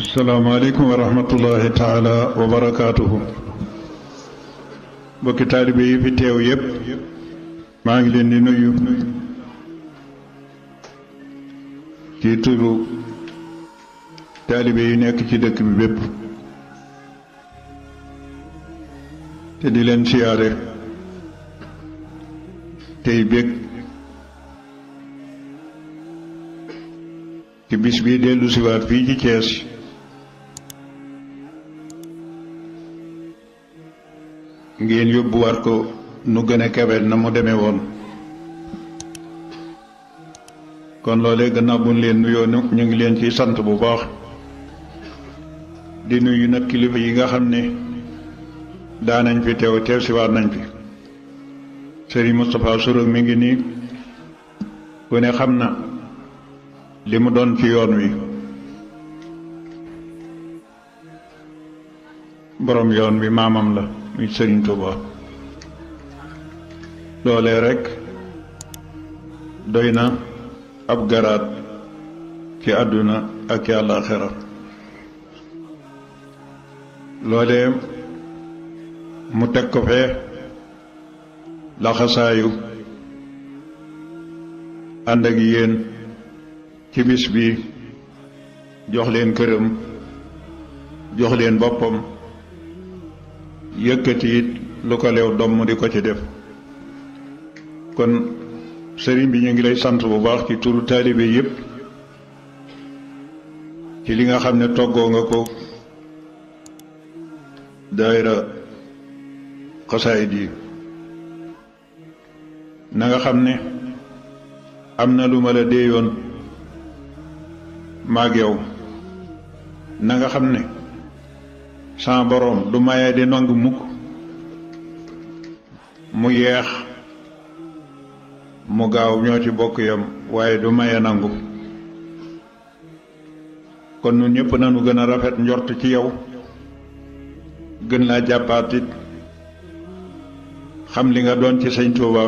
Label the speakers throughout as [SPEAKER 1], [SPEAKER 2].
[SPEAKER 1] السلام عليكم ورحمة الله تعالى وبركاته بك طالبي في تيو يب ما نجلن نيو ci turu taalibe yu nekk ci dëkk bi bépp te di leen siyaare tey bég ci bis bii dellu siwaat fii ci Cees ngeen yóbbuwaat ko nu gën a na mu demee woon kon loolee gannaaw bu ñu leen nuyoo ñu ngi leen ci sant bu baax di nuyu nag kilifa yi nga xam ne daanañ fi teew teew siwaat nañ fi sëriñ Moustapha Sourang mi ngi nii ku ne xam na li mu doon ci yoon wi borom yoon wi maamam la muy Serigne Touba loolee rekk doy na ab garaat ci àdduna ak ci àllaaxira loolee mu teg ko fee laxasaayu ànd ak yéen ci bis bi jox leen këram jox leen boppam yëkkati it lu ko leew doom di ko ci def kon sëriñ bi ñu ngi lay sant bu baax ci turu taalibe yépp ci li nga xam ne toggoo nga ko daayira xasaayid yi na nga xam ne am na lu ma la déeyoon maag yow na nga xam ne sama boroom du maye di nangu mukk mu yeex mu gaaw ñoo ci bokk yam waaye du maye nangu kon ñun ñëpp nañu gën a rafet njort ci yow gën laa jàppaatit xam li nga doon ci sëñ Tuuba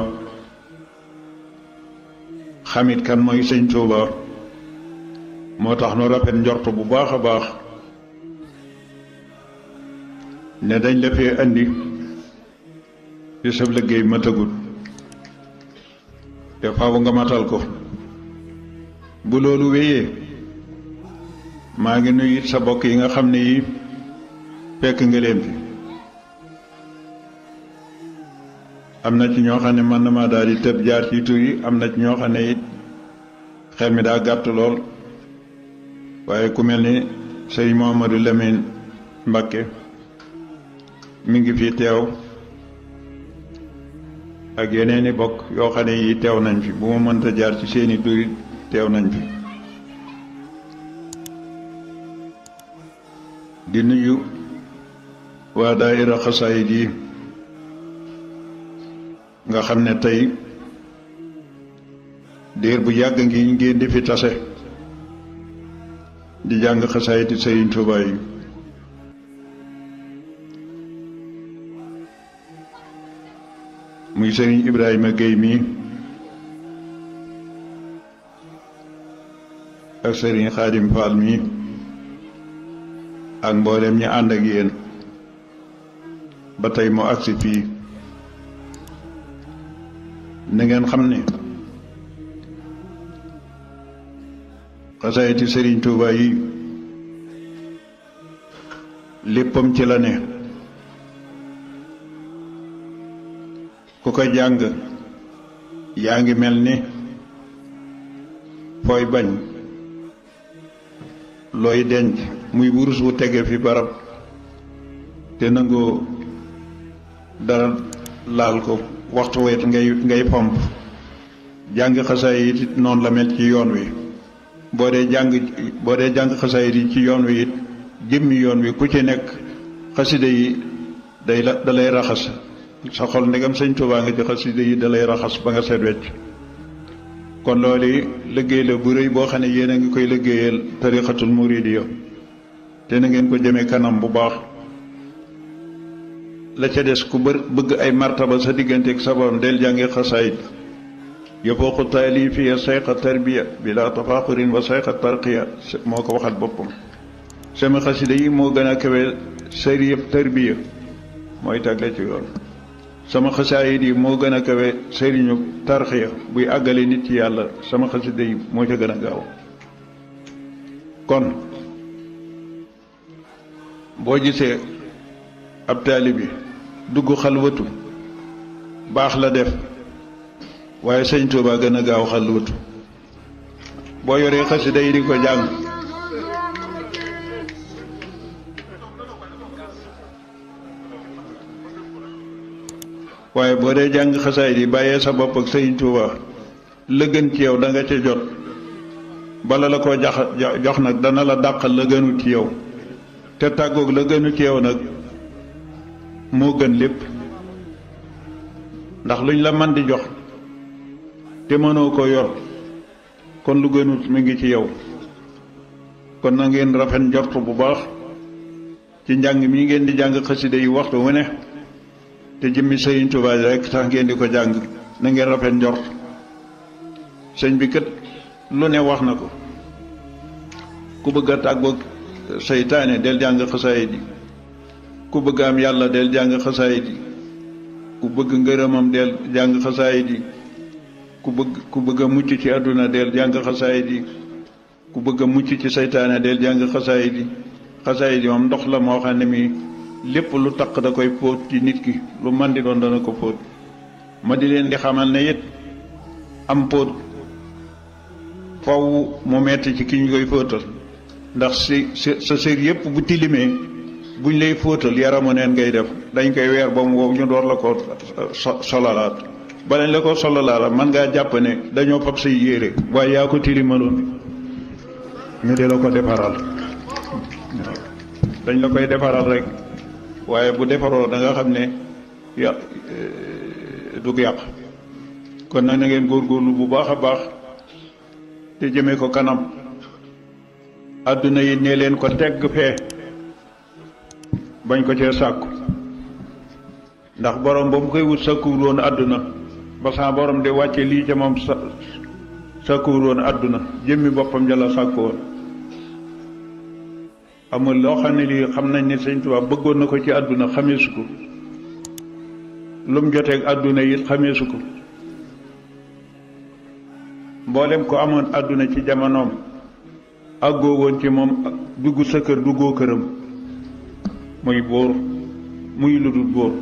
[SPEAKER 1] xamit kan mooy sëñ Tuuba moo tax nu rafet njort bu baax a baax ne dañ la fee andi te sab liggéey matagul te faaw nga matal ko bu loolu wéyee maa ngi nuyu it sa bokk yi nga xam ne yi fekk nga leen am na ci ñoo xam ne mën na maa daal tëb jaar ci tur am na ci ñoo xam ne it xel mi daa gàtt lool waaye ku mel ni sëñ Mouhamadou Lamine Mbacké mi ngi fi teew ak yeneen i bokk yoo xam yi teew nañ fi bu ma mënta jaar ci seeni turit teew nañ fi di nuyu waa daayira xasaayid yi nga xam ne tey diir bu yàgg ngi ngeen di fi tase di jàng xasaayid Sëriñ Tuubaa yi sëriñ Ibrahima Guèye mii ak sëriñ Xaadim Fall mii ak mboolem ñi ànd ak yéen ba tey mu agsi fii na ngeen xam ne xasaayiti sëriñ Tuuba yi léppam ci la ne ku ko jàng yaa ngi mel ni fooy bañ looy denc muy wurus wu tege fi barab te nangoo dara laal ko waxtu wet ngay ngay pomp jàng xasaay yi la mel ci yoon wi boo dee jàng boo dee jàng xasaay yi ci yoon wi it yoon wi ku ci nekk xasida yi dalay raxas sa xol ndegam sëñ Tuubaa nga ci xasida yi da lay raxas ba nga seet wecc kon loolu liggéey la bu rëy boo xam ne yéen a ngi koy liggéeyal tariqatul muridiya te na ngeen ko jëmee kanam bu baax la ca des ku bër bëgg ay martaba sa digganteeg sa borom del jàngi xasaayid yafooqu taalifiya sayqa tarbiya bila tafaaqurin wa sayqa tarqiya moo ko waxal boppam sama xasida yi moo gën a kawe sariyab sama xasaayit yi moo gën a kawe sëriñu tarxiya buy àggale nit ci yàlla sama xasida yi moo ca gën a gaaw kon boo gisee ab bi dugg xalwatu baax la def waaye sëñ Tuubaa gën a gaaw xalwatu boo yoree xasida yi di ko jàng waaye boo dee jàng xasaay di bàyyee sa bopp ak sëriñ Tuuba la gën ci yow da ca jot bala la ko jax jox nag dana la dàqal la gënu ci yow te tàggook la gënu ci yow nag moo gën lépp ndax luñ la man di jox te mënoo ko yor kon lu gënut mu ngi ci yow kon na ngeen rafet njort bu baax ci njàng mi ngeen di jàng xasida yi waxtu wu ne te jëmmi Sëriñ Tuubaa rek tax ngeen di ko jàng na ngeen rafet njort sëñ bi kët lu ne wax na ko ku bëgg a tàggoog seytaane del jàng xasaayid yi ku bëgg am yàlla del jàng xasaayid ku bëgg ngërëmam del jàng xasaayid yi ku bëgg ku bëgg a mucc ci àdduna del jàng xasaayid yi ku bëgg a mucc ci seytaane del jàng xasaayid yi xasaayid yi moom ndox la moo xam ne mi lépp lu taq da koy póot ci nit ki lu man di doon dana ko póot ma di leen di xamal ne yit am póot faw mu metti ci ki ñu koy fóotal ndax si sa sër yépp bu tilimee buñ lay fóotal yaramu neen ngay def dañ koy weer ba mu wow ñu doon la ko solalaat balañ la ko solalaat man ngaa jàpp ne dañoo fab sa yére waaye yaa ko tilimaloon ñu di la ko defaral dañ la koy defaral rek waaye bu defaroo danga xam ne ya eh, yàq kon nag na ngeen góor góorgóorlu bu baax a baax te jëmee ko kanam àdduna yi ne leen ko tegg fee bañ ko cee sàkku ndax borom ba mu koy wut sàkkuwul woon àdduna ba saa borom di wàcce lii jamam moom sa sàkkuwul woon àdduna jëmmi boppam jala sàkku woon amul loo xam ne lii xam nañ ne sëñ Tuubaa bëggoon na ko ci àdduna xameesu ko lu mu jotee ak àdduna it xameesu ko mboolem ko amoon àdduna ci jamonoom àggoo woon ci moom dugg sa kër duggoo këram muy bóor muy lu dul bóor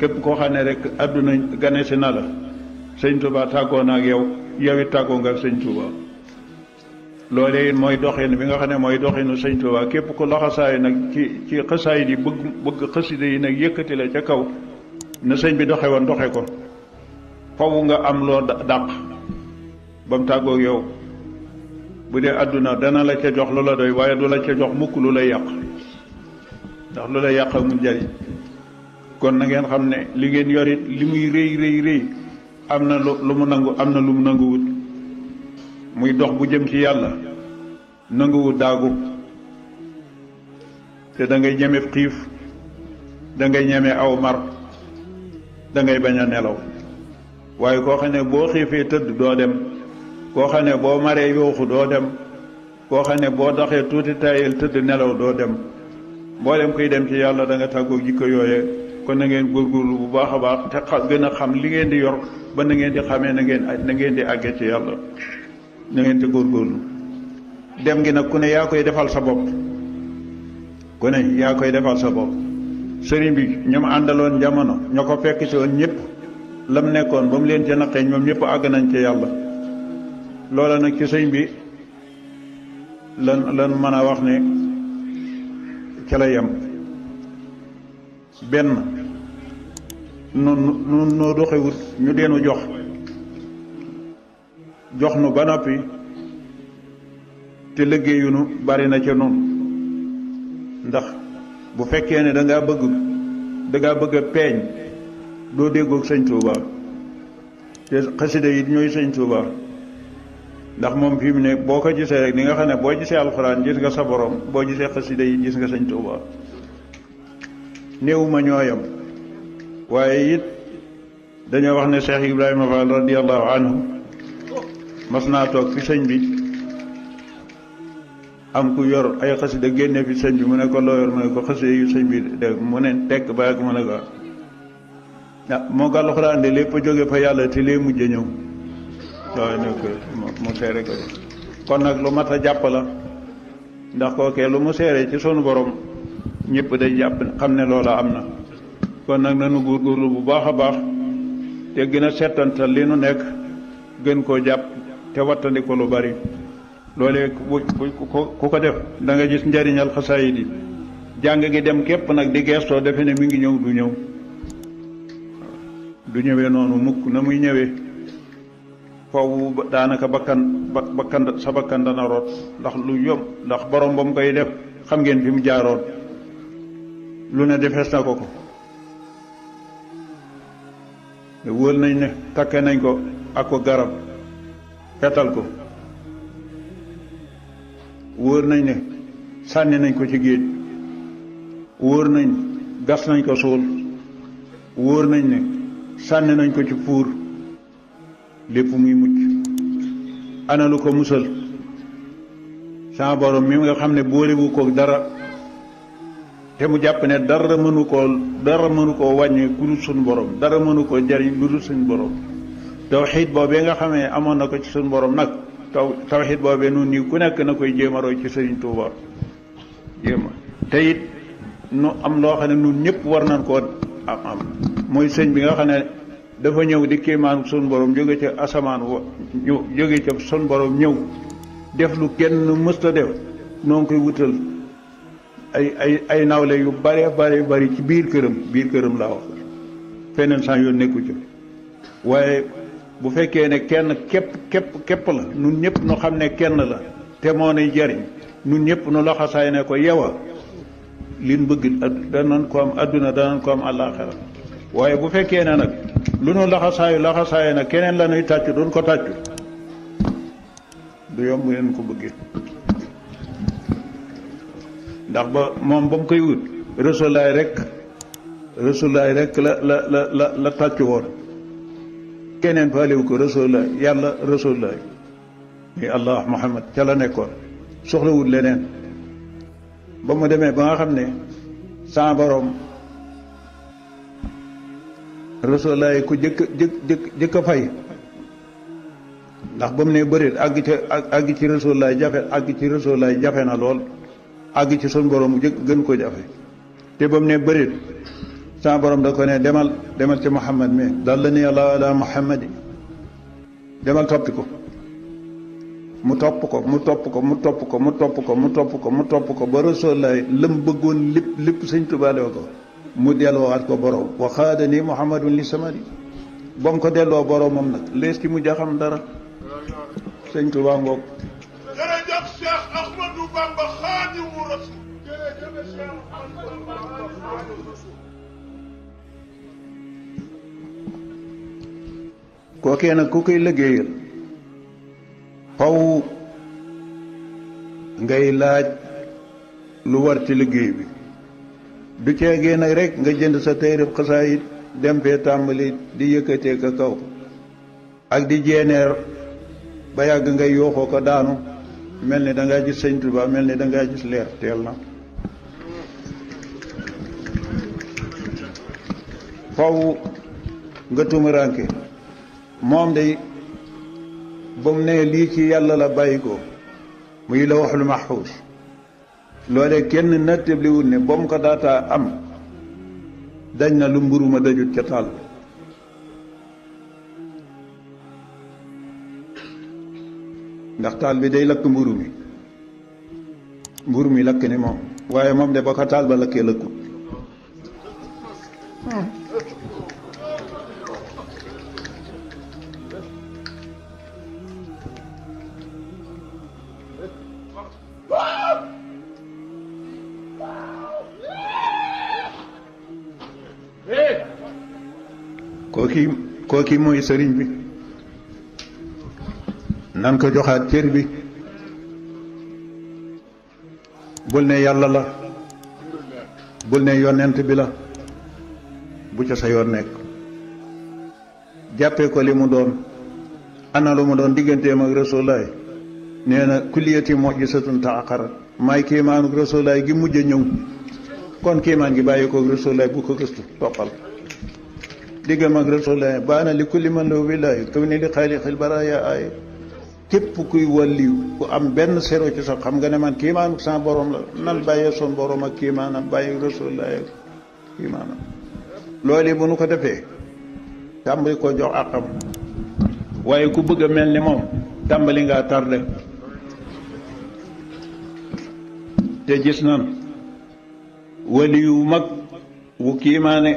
[SPEAKER 1] képp koo xam ne rek àdduna ganesi na la sëñ Tuubaa tàggoo na ak yow yow it tàggoo nga ak sëñ loolee mooy doxin bi nga xam ne mooy doxinu sëñ Tuubaa képp ku laxasaay nag ci ci xësaay di bëgg bëgg xasida yi nag yëkkati la ca kaw na sëñ bi doxe woon doxe ko fawu nga am loo dàq ba mu tàggoog yow bu dee àdduna dana la ca jox lu la doy waaye du la ca jox mukk lu lay yàq ndax lu la yàq amul njariñ kon na ngeen xam ne li ngeen yorit li muy rëy rëy rëy am na lu mu nangu am na lu mu nanguwut muy dox bu jëm ci yàlla nanguwu daagu te dangay ngay ñeme xiif da ngay ñeme aw mar dangay bañ a nelaw waaye koo xam ne boo xiifee tëdd doo dem koo xam ne boo maree yooxu doo dem koo xam ne boo doxee tuuti tayel tëdd nelaw doo dem dem kuy dem ci yàlla da nga tàggoo jikko yooye kon na ngeen góorgóorlu bu baax a baax te gën a xam li ngeen di yor ba na ngeen di xamee na ngeen na ngeen di àggee ci yàlla na ngeen te góorgóorlu dem gi nag ku ne yaa koy defal sa bopp ku ne yaa koy defal sa bopp sëriñ bi ñoom àndaloon jamono ñoo ko fekk si woon ñëpp la mu nekkoon ba mu leen ca naqee ñoom ñëpp àgg nañ ca yàlla loola nag ci sëriñ bi lan lan mën a wax ne ca la yem benn nu nun noo doxewut ñu deenu jox jox nu ba noppi te liggéeyu nu bari na ca noonu ndax bu fekkee ne dangaa bëgg dangaa bëgg a peeñ doo déggook sëñ Touba te xasida yi ñooy sëñ Touba ndax moom fi mu nekk boo ko gisee rek di nga xam ne boo gisee alxuraan gis nga sa borom boo gisee xasida yi gis nga sëñ Touba néewuma ñooyam waaye it dañoo wax ne Cheikh Ibrahima Fall radiyallahu anhu mas naa toog fi sëñ bi am ku yor ay xasida génne fi sëñ bi mu ne ko loo mu ne ko xasida yu sëñ bi de mu ne tekk ba ak mu ne ko ah moo ko alxuraan de lépp jóge fa yàlla te lee mujj ñëw waaw ne ko mu seere ko kon nag lu mat a jàpp la ndax kookee lu mu seere ci sunu borom ñëpp day jàpp xam ne loola am na kon nag nanu góorgóorlu bu baax a baax te gën a seetantal li nu nekk gën koo jàpp te wattandiku lu bari loolee ko ku ko def da gis njariñal xasaayid yi jàng gi dem képp nag di geestoo defe ne mi ngi ñëw du ñëw du ñëwee noonu mukk na muy ñëwee foofu daanaka bakkan bakkan sa bakkan dana root ndax lu yomb ndax borom ba mu koy def xam ngeen fi mu jaaroon lu ne defees na ko ko wóor nañ ne takke nañ ko ak ko garab petal ko wóor nañ ne sànni nañ ko ci géej wóor nañ gas nañ ko suul wóor nañ ne sànni nañ ko ci fuur lépp muy mucc ana ko musal sama borom mi nga xam ne boolewu ko dara te mu jàpp ne dara mënu koo dara mënu koo wàññi ku dul suñu borom dara mënu ko jariñ lu dul suñu borom tawxiid boobee nga xamee amoon na ko ci suñu boroom nag taw tawxiid boobee noonu nii ku nekk na koy jéem ci sëriñ Tuuba jéema te it nu am loo xam ne nun ñëpp war nañ koo am am mooy sëñ bi nga xam ne dafa ñëw di kéemaan suñu borom jóge ci asamaan wa ñëw jóge ca suñu borom ñëw def lu kenn mës def noo ngi koy wutal ay ay ay nawle yu bare bare bari ci biir këram biir këram laa wax feneen sans yoon nekku ci waaye bu fekkee ne kenn képp képp képp la nun ñëpp nu xam ne kenn la te moo nuy jariñ nun ñëpp nu laxasaay ne ko yewa lin bëgg danañ ko am adduna danañ ko am àllaaxira waaye bu fekkee ne nag lu nu laxasaayu laxasaayu nag keneen la nuy tàcc duñ ko tàccu du yomb leen ko bëggee ndax ba moom ba mu koy wut rasulaay rek rasulaay rek la la la la la woon keneen faalewu ko rasulullah yàlla rasulullah muy allah muhammad ca la nekkoon soxlawul leneen ba mu demee ba nga xam ne sa borom rasulullah yi ku jëkk jëkk jëkk jëkk a fay ndax ba mu ne bëreet àgg ci àgg ci rasulullah jafe àgg ci rasulullah jafe na lool àgg ci sun borom jëkk gën ko jafe te ba mu ne bëreet sama borom da ko ne demal demal ci muhammad mi dalla ni allahu ala muhammadi demal toppi ko mu topp ko mu topp ko mu topp ko mu topp ko mu topp ko mu topp ko ba rasulullahi lam bëggoon lépp lépp sëñ Tuubaa def ko mu delloowaat ko borom wa xaada ni muhammadun li samadi ba mu ko delloo boromam nag lees ci mu jaxam dara sëñ Tuubaa ngoog jërëjëf Cheikh Ahmadou Bamba Xaadimu Rasul jërëjëf Cheikh Ahmadou Bamba Xaadimu Rasul kookee nag ku koy liggéeyal faw ngay laaj lu war ci liggéey bi du ceegee nag rek nga jënd sa téereb xasaayit dem fee tàmbali di yëkkatee ka kaw ak di jeeneer ba yàgg ngay yooxoo ko daanu mel ni danga gis sëñ Tuubaa mel ni danga gis leer teel na faw nga tumuranke moom day ba mu ne lii ci yàlla la bàyyi ko muy la waxul maxfuus loolee kenn nattabliwul ne ba mu ko daata am dañ na lu mburu ma dajut ca taal ndax taal bi day lakk mburu mi mburu mi lakk ni moom waaye moom de ba ko taal ba lakkee lëkkut hmm. kooki kooki mooy sëriñ bi nan ko joxaat cër bi bul ne yàlla la bul ne yonent bi la bu ca sa yoon nekk jàppee ko li mu doon ana lu mu doon digganteem ak rasulaay nee na kulliyati mujizatun taaqarat maay kiimaanuk rasulaay gi mujj a ñëw kon kiimaan gi bàyyi koog rasulaay bu ko gëstu toppal diggam ak rasulullah baana li kulli man lahu wilaaya kaw ni li xaaliqil baraaya ay képp kuy wàlliw ku am benn sero ci sax xam nga ne man kiimaanu sama borom la nan bàyyee son borom ak kiimaanam bàyyi rasulullah ak kiimaanam loolu bu nu ko defee tàmbali ko jox àqam waaye ku bëgg a mel ni moom tàmbali ngaa tardé te gis nan wàlliw mag wu kiimaane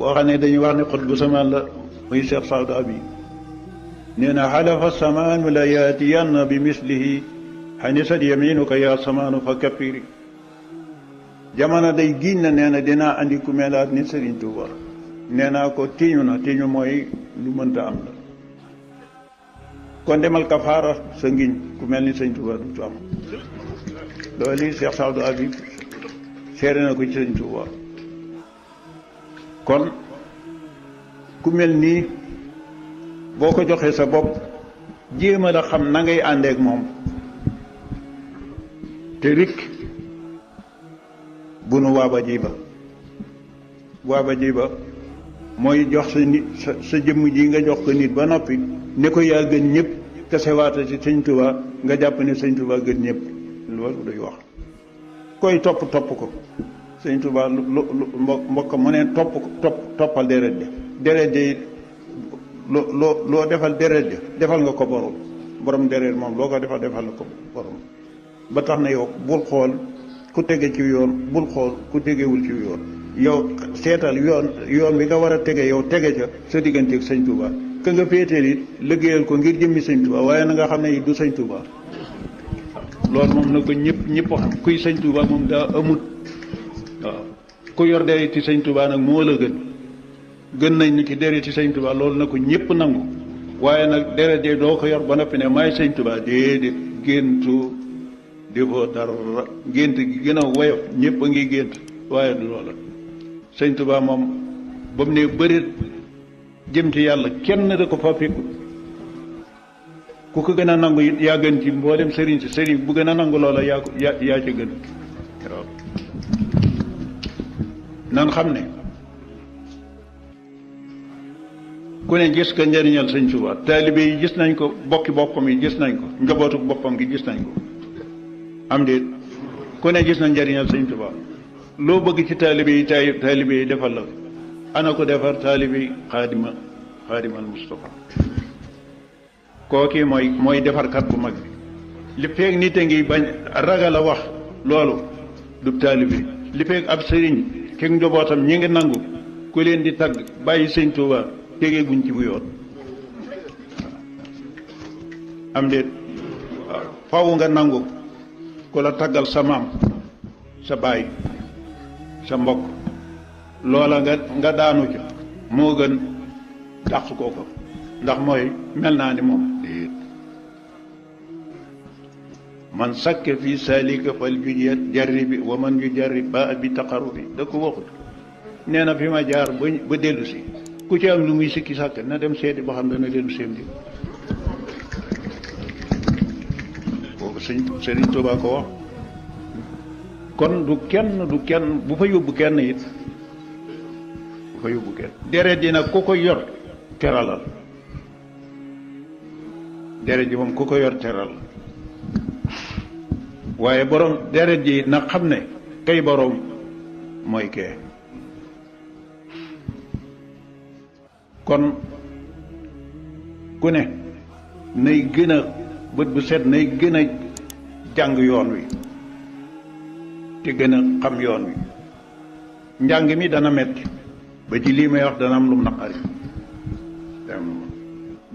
[SPEAKER 1] boo xam ne dañuy wax ne xut bu samaan la muy Cheikh Saadu Abi nee na xalafa samaanu la yaatiyanna bi mislihi xanisat yaminuka yaa samaanu fa kappiri jamono day giñ na nee na dinaa indi ku melaat ni Sëriñ Tuuba nee naa ko tiñu na tiñu mooy lu mënta am la kon demal kafaara sa ngiñ ku mel ni Sëriñ Tuuba du am loolu Cheikh Saadu Abi seere na ko ci Sëriñ kon ku mel nii boo ko joxee sa bopp jéem a xam nangay àndeek moom te rik bu nu waaba ji ba waaba ji ba mooy jox sa nit sa sa jëmm ji nga jox ko nit ba noppi ne ko yaa gën ñëpp te sewaata ci sëñ Tuubaa nga jàpp ne sëñ Tuubaa gën ñëpp loolu wax koy topp topp ko sëñ Tuubaa lu lu mbokk mu ne topp topp toppal deret ja deret ja it loo loo loo defal deret ja defal nga ko borom borom deret moom loo ko defal defal na ko borom ba tax na yow bul xool ku tege ci yoon bul xool ku tegewul ci yoon yow seetal yoon yoon bi nga war a tege yow tege ca sa digganteeg sëñ Tuubaa ka nga féeteel it liggéeyal ko ngir jëmmi sëñ Tuubaa waaye na nga xam ne du sëñ Tuubaa loolu moom na ko ñëpp ñëpp xam kuy sëñ Tuubaa moom waaw ku yor dereti sëñ Touba nag moo la gën gën nañ ni ci dereti sëñ Touba loolu na ko ñëpp nangu waaye nag deret de doo ko yor ba noppi ne maay sëñ Touba déedéet géntu defoo dara gént gi gën a woyof ñëpp a ngi gént waaye du loola sëñ Touba moom ba mu ne bërit jëm ci yàlla kenn da ko fa fekku ku ko gën a nangu it yaa gën ci mboolem sëriñ si sëriñ bu gën a nangu loola yaa yaa ci gën nan xam ne ku ne gis ko njëriñal sëñ Tuubaa taalibe yi gis nañ ko bokki boppam yi gis nañ ko njabootu boppam gi gis nañ ko am déet ku ne gis na njëriñal sëñ Tuubaa loo bëgg ci taalibe yi tay taalibe yi defal la ana ko defar taalibe yi xaadima xaadimal Mustafa kooki mooy mooy defarkat bu mag bi li feeg nit a ngi bañ ragal a wax loolu du taalibe li ab sëriñ ci njobootam ñi ngi nangu ku leen di tagg bàyyi sëñ Tuuba tegeeguñ ci bu am déet faw nga nangu ku la taggal sa maam sa baay sa mbokk loola nga nga daanu ci moo gën dàq ko ko ndax mooy mel naa ni moom man sakka fii salika fal ju jarribi wa man ju jarrib ba bi taqarubi da ko waxut nee na fi ma jaar ba dellusi ku ci am lu muy sikki sàkk na dem seeti ba xam dana dellu seem di kooku sëñ Sëriñ Tuubaa ko wax kon du kenn du kenn bu fa yóbbu kenn it bu fa yóbbu deret ji nag ku ko yor teralal deret ji moom ku ko yor teral waaye borom deret ji nag xam ne kay boroom mooy kee kon ku ne nay gën a bët bu set nay gën a jàng yoon wi te gën a xam yoon wi njàng mi dana metti ba ci lii may wax dana am lu naqari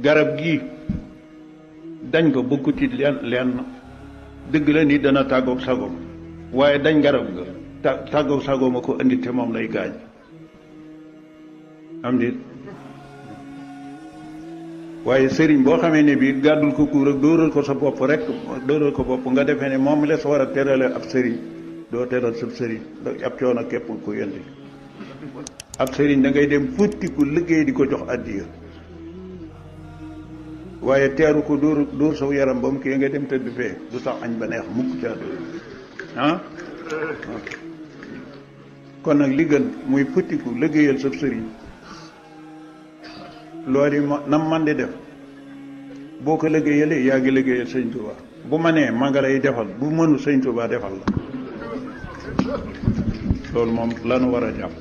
[SPEAKER 1] garab gi dañ ko bëgg ci lenn dëgg la ni dana tàggoog sagoom waaye dañ garab nga ta tàggoog sagoom ko indi te moom lay gaañ am nit waaye sëriñ boo xamee ne bii gàddul ko kuur ak dóoral ko sa bopp rek dóoral ko bopp nga defee ne moom la sa war a terale ab sëriñ doo teral sa sëriñ ab coono képp ko yëndi ab sëriñ da ngay dem futti ku liggéey di ko jox addiya waaye teeru ko dóor dóor saw yaram ba mu kii nga dem tëdd fee du sax añ ba neex mukk ca àdduna ah kon nag li gën muy futtiku liggéeyal sab sëriñ loolu ma nam man di def boo ko liggéeyalee yaa ngi liggéeyal sëñ Touba bu ma nee ma nga lay defal bu mënu sëñ Touba defal la loolu moom lanu war a jàpp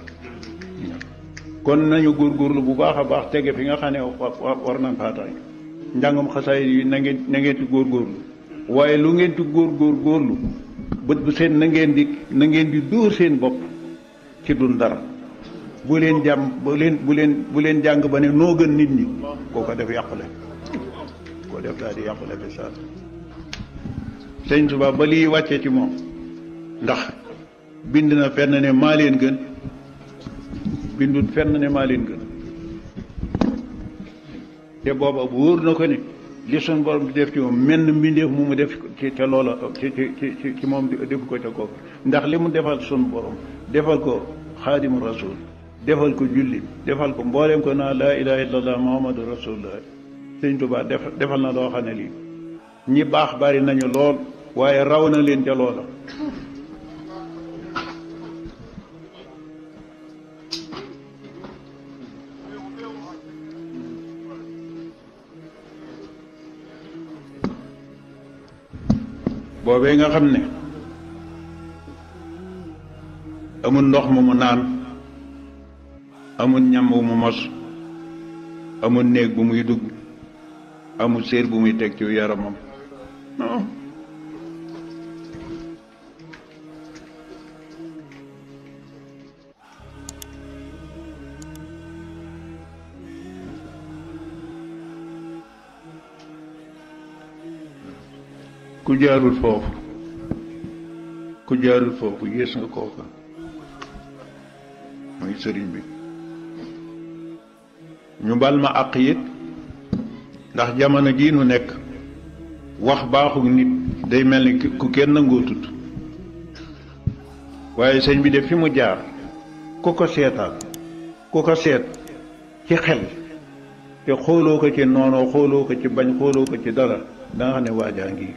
[SPEAKER 1] kon nañu góorgóorlu bu baax a baax tege fi nga xam ne war na faa njàngum xasaay yi na ngeen na ngeen ci góorgóorlu waaye lu ngeen ci góorgóor góorlu bët bu seen na ngeen di na ngeen di dóor seen bopp ci dun dara bu leen jàmm bu leen bu leen bu leen jàng ba ne noo gën nit ñi koo ko def yàqule koo def daal di yàqule bi saa sëñ Tuba ba lii wàccee ci moom ndax bind na fenn ne maa leen gën bindut fenn ne maa leen gën te booba wóor na ko ni li sun borom di def ci moom menn mbindeef mu mu def ci ca loola ci ci ci ci moom def ko ca ndax li mu defal sun borom defal ko xaadimu rasul defal ko julli defal ko mbooleem ko naa laa ilaha illallah muhammadu rasulullah sëñ Tuubaa def defal na loo xam ne lii ñi baax bari nañu lool waaye raw na leen ca loola boobee nga xam ne amul ndox mu mu naan amul ñam wu mu mos amul néeg bu muy dugg amul séer bu muy teg ci yaramam jaarul foofu ku jaarul foofu yées nga sëriñ bi ñu bal ma àq it ndax jamono jii nu nekk wax baaxu nit day mel ni ku kenn ngootut waaye sëñ bi de fi mu jaar ku ko seetaan ku ko seet ci xel te xooloo ko ci noonoo xooloo ko ci bañ xooloo ko ci dara da nga xam ne waajaa ngi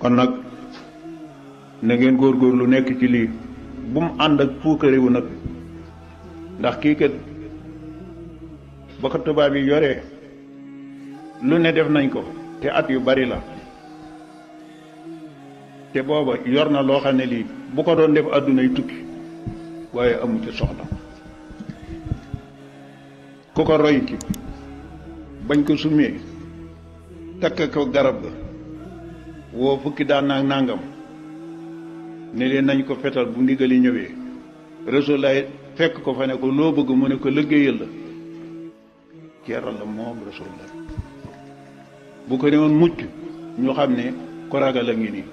[SPEAKER 1] kon nag na ngeen lu nekk ci lii bu mu ànd ak puukarewu nag ndax kii kat ba ko tubaab yi yore lu ne def nañ ko te at yu bari la te booba yor na loo xam ne lii bu ko doon def àdduna yu tukki waaye amu ci soxla ku ko roy ki bañ ko sumee takk ko garab ga woo fukki daan naag nangam ne leen nañ ko fetal bu ndigal yi ñëwee Rasulullah fekk ko fa ne ko loo bëgg mu ne ko liggéeyal la ceeral la moom Rasulullah bu ko ne woon mucc ñu xam ne ko ragal a ngi nii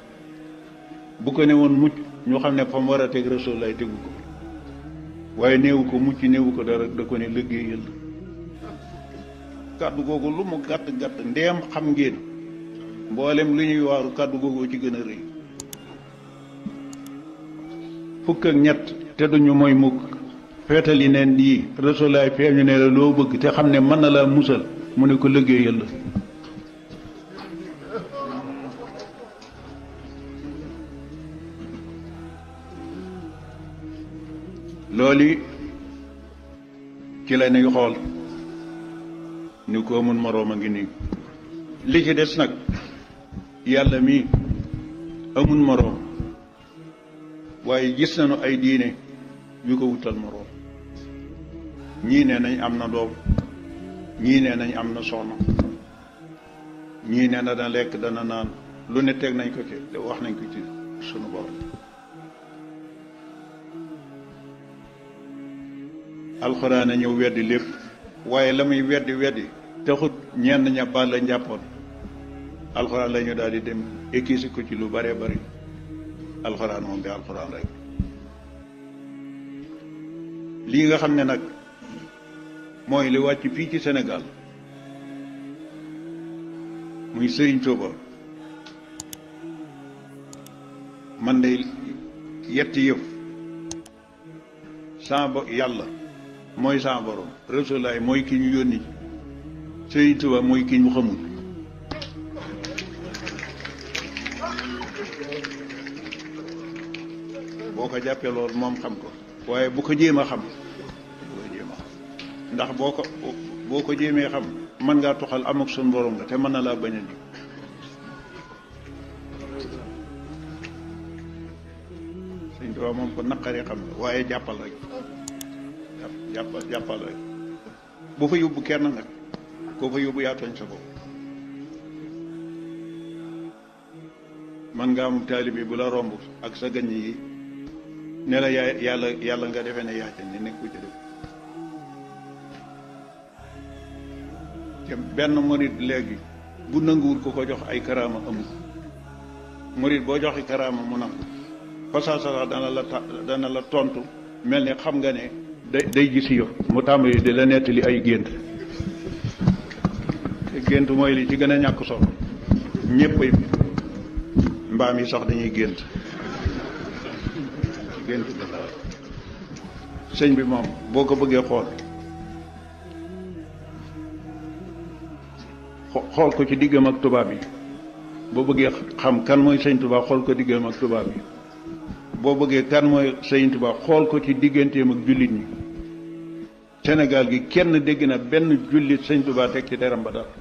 [SPEAKER 1] bu ko ne woon mucc ñu xam ne fa mu war a teg Rasulullah tegu ko waaye néewu ko mucc néewu ko dara da ko ne liggéeyal la kàddu googu lu mu gàtt gàtt ndeem xam ngeen mboolem li ñuy waaru kàddu googoo ci gën a rëy fukk ak ñett te duñu mooy mukk feetal yi neen yii rasulaay feeñu ne la loo bëgg te xam ne mën na laa musal mu ne ko liggéeyal la loolu ci la ñuy xool ni ko mun moroom a ngi nii li ci des nag yàlla mii amul moroom waaye gis nañu ay diine yu ko wutal moroom ñii nee nañ am na doom ñii nee nañ am na soxna ñii nee na dana lekk dana naan lu ne teg nañ ko ci te wax nañ ko ci sunu borom alxuraan a ñëw weddi lépp waaye la muy weddi weddi taxut ñenn ña bàll njàppoon alxuraan la ñu daal di dem équisi ko ci lu bëree bëri alxuraan moom bi alxuraan rek lii nga xam ne nag mooy li wàcc fii ci senegal muy Sëriñ Tuuba man de yetti yëf saa yàlla mooy saa borom mooy kii ñu yónni Sëriñ Tuuba mooy ki ñu xamul boo ko jàppee loolu moom xam ko waaye bu ko jéem a xam bu ko jéem a xam ndax boo ko boo ko jéemee xam man ngaa toxal am ak suñu borom la te mën na laa bañ a jub xam waaye jàppal rek jàppal jàppal rek bu fa yóbbu kenn nag koo man nga am taalibe bu la romb ak sa gañ yi ne la yaay yàlla yàlla nga defee ne yaa ca ne nekk ko ca benn morit léegi bu nanguwul ku ko jox ay karaama amul morit boo joxi karaama mu nangu fasaa sax dana la dana la tontu mel ni xam nga ne day day gis yo mu tàmbali di la nettali ay gént te gént mooy li ci gën a ñàkk solo ñëpp mbaam yi sax dañuy gént dellu sëñ bi moom boo ko bëggee xool xool ko ci diggam ak tubaab yi boo bëggee xam kan mooy sëñ tubaab xool ko diggam ak tubaab yi boo bëggee kan mooy sëñ tubaab xool ko ci digganteem ak jullit ñi senegal gi kenn dégg na benn jullit sëñ tubaab teg ci deram ba dara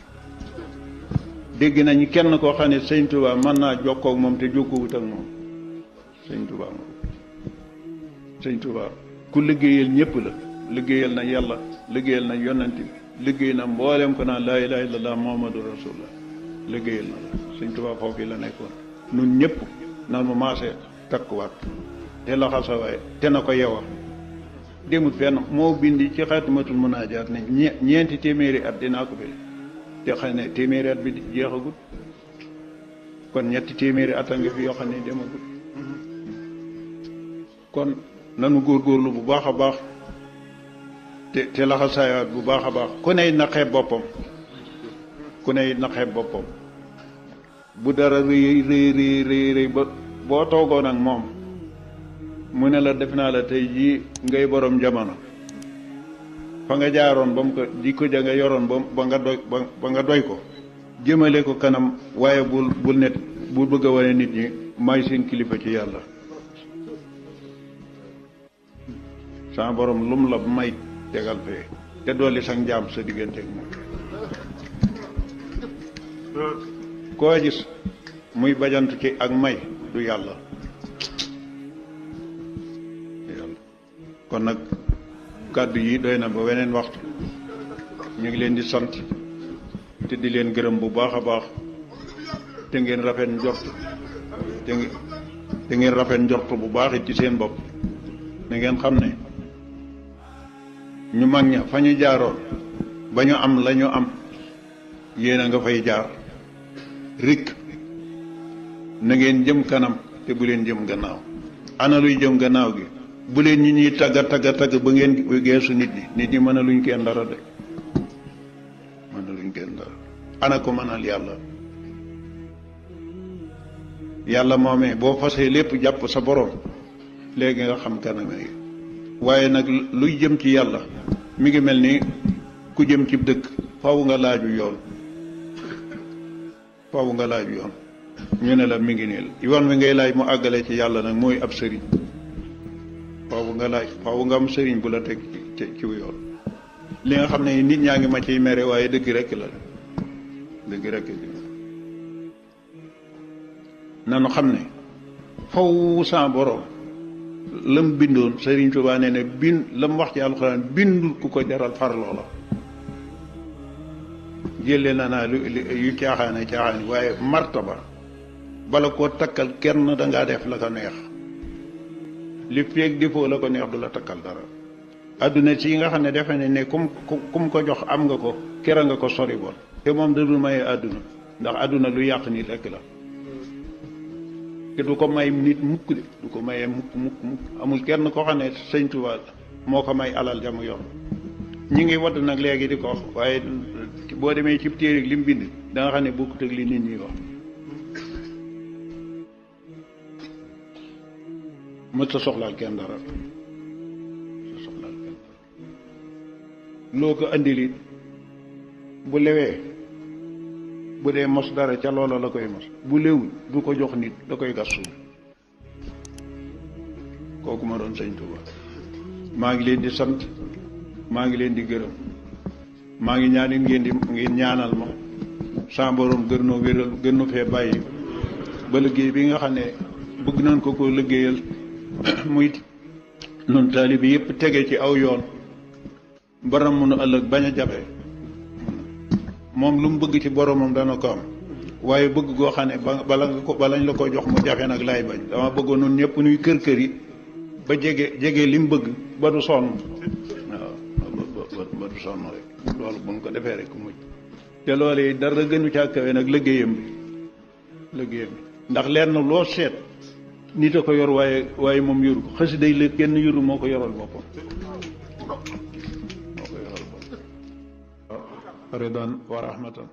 [SPEAKER 1] dégg nañu kenn koo xam ne sëñ tubaab mën naa jokkoo ak moom te jokkoo wut ak moom sëñ tubaab moom sëñ Touba ku liggéeyal ñëpp la liggéeyal na yàlla liggéeyal na yonanti liggéey na mboolem ko naan laa ilaha illallah muhammadu rasulullah liggéeyal na la sëñ Touba foofu la nekkoon nun ñëpp nan mu maasee takkuwaat te laxasawaay te na ko yewa demut fenn moo bindi ci xatmatul munaajaat ne ñe ñeenti téeméeri at dinaa ko fi te xam ne téeméeri at bi jeexagut kon ñetti téeméeri at a ngi fi yoo xam ne demagut kon nanu góor góorlu bu baax a baax te te laxasaayaat bu baax a baax ku ney naqee boppam ku ney na boppam bu dara rëy rëy rëy boo toogoon ak moom mu ne la def naa la tey jii ngay boroom jamono fa nga jaaroon ba mu ko jikko ja nga yoroon ba nga doy ba nga doy ko jëmale ko kanam waaye bul bul net bul bëgg a nit ñi may seen kilifa ci yàlla sama boroom lum la may tegal fee te dolli sax njaam sa diggante ak moom koo gis muy bajant ci ak may du yàlla kon nag kàddu yi doy na ba weneen waxtu ñu ngi leen di sant te di leen gërëm bu baax a baax te ngeen rafet njort te ngeen rafet njort bu baax it ci seen bopp na ngeen xam ne ñu mag ña fa ñu jaaroon ba ñu am la ñu am yéen a nga fay jaar rik na ngeen jëm kanam te bu leen jëm gannaaw ana luy jëm gannaaw gi bu leen ñi ñuy tagga tagga tagg ba ngeen geesu nit ñi nit ñi mën a luñ kenn dara de mën a luñ kenn dara ana ko mënal yàlla yàlla moomee boo fasee lépp jàpp sa borom léegi nga xam yi waaye nag luy jëm ci yàlla mi ngi mel ni ku jëm ci dëkk faw nga laaju yoon faw nga laaju yoon ñu ne la mi ngi nii yoon wi ngay laaj mu àggale ci yàlla nag mooy ab sëriñ faw nga laaj faw nga am sëriñ bu la teg ci ci yoon li nga xam ne nit ñaa ngi ma ciy mere waaye dëgg rekk la dëgg rekk nanu xam ne faw sa borom lam bindoon Serigne Touba nee na bind lam wax ci alxuraan bindul ku ko jaral far loola jëlle na naa lu yu caaxaane caaxaane waaye martaba bala koo takkal kenn dangaa def la ko neex li feeg defoo la ko neex du la takkal dara aduna ci nga xam ne defe ne ne kum kum ko jox am nga ko kera nga ko sori bon te moom da dul maye adduna ndax aduna lu yàq ni rek la te du ko may nit mukk de du ko mayee mukk mukk mukk amul kenn koo xam ne sëñ Tuubaa moo ko may alal jamu yoon ñi ngi wadd nag léegi di ko wax waaye boo demee ci téere li mu bind da nga xam ne bokkut ak li nit ñi wax mës sa soxlaal kenn dara sa soxlaal kenn dara loo ko andil it bu lewee bu dee mos dara ca loola la koy mos bu léwul du ko jox nit da koy gas suuf kooku ma doon sëñ Tuuba maa ngi leen di sant maa ngi leen di gërëm maa ngi ñaan ngeen di ngeen ñaanal ma sa borom gën noo wéral gën noo fee bàyyi ba liggéey bi nga xam ne bëgg nañ ko ko liggéeyal muy noonu taalibe yëpp tege ci aw yoon baram mënu ëllëg bañ a jafe moom lu mu bëgg ci boromam dana ko am waaye bëgg goo xam ne ba bala nga ko balañ la ko jox mu jafe nag laay bañ dama bëggoon nun ñëpp nuy kër kër yi ba jege jege li mu bëgg ba du sonn waaw ba du sonn rek loolu buñ ko defee rek mujj te loolu dara gënu caa nag liggéeyam bi liggéeyam bi ndax leer loo seet nit a ko yor waaye waaye moom yoru ko xësi day la kenn yoru moo ko yoral boppam رضا ورحمة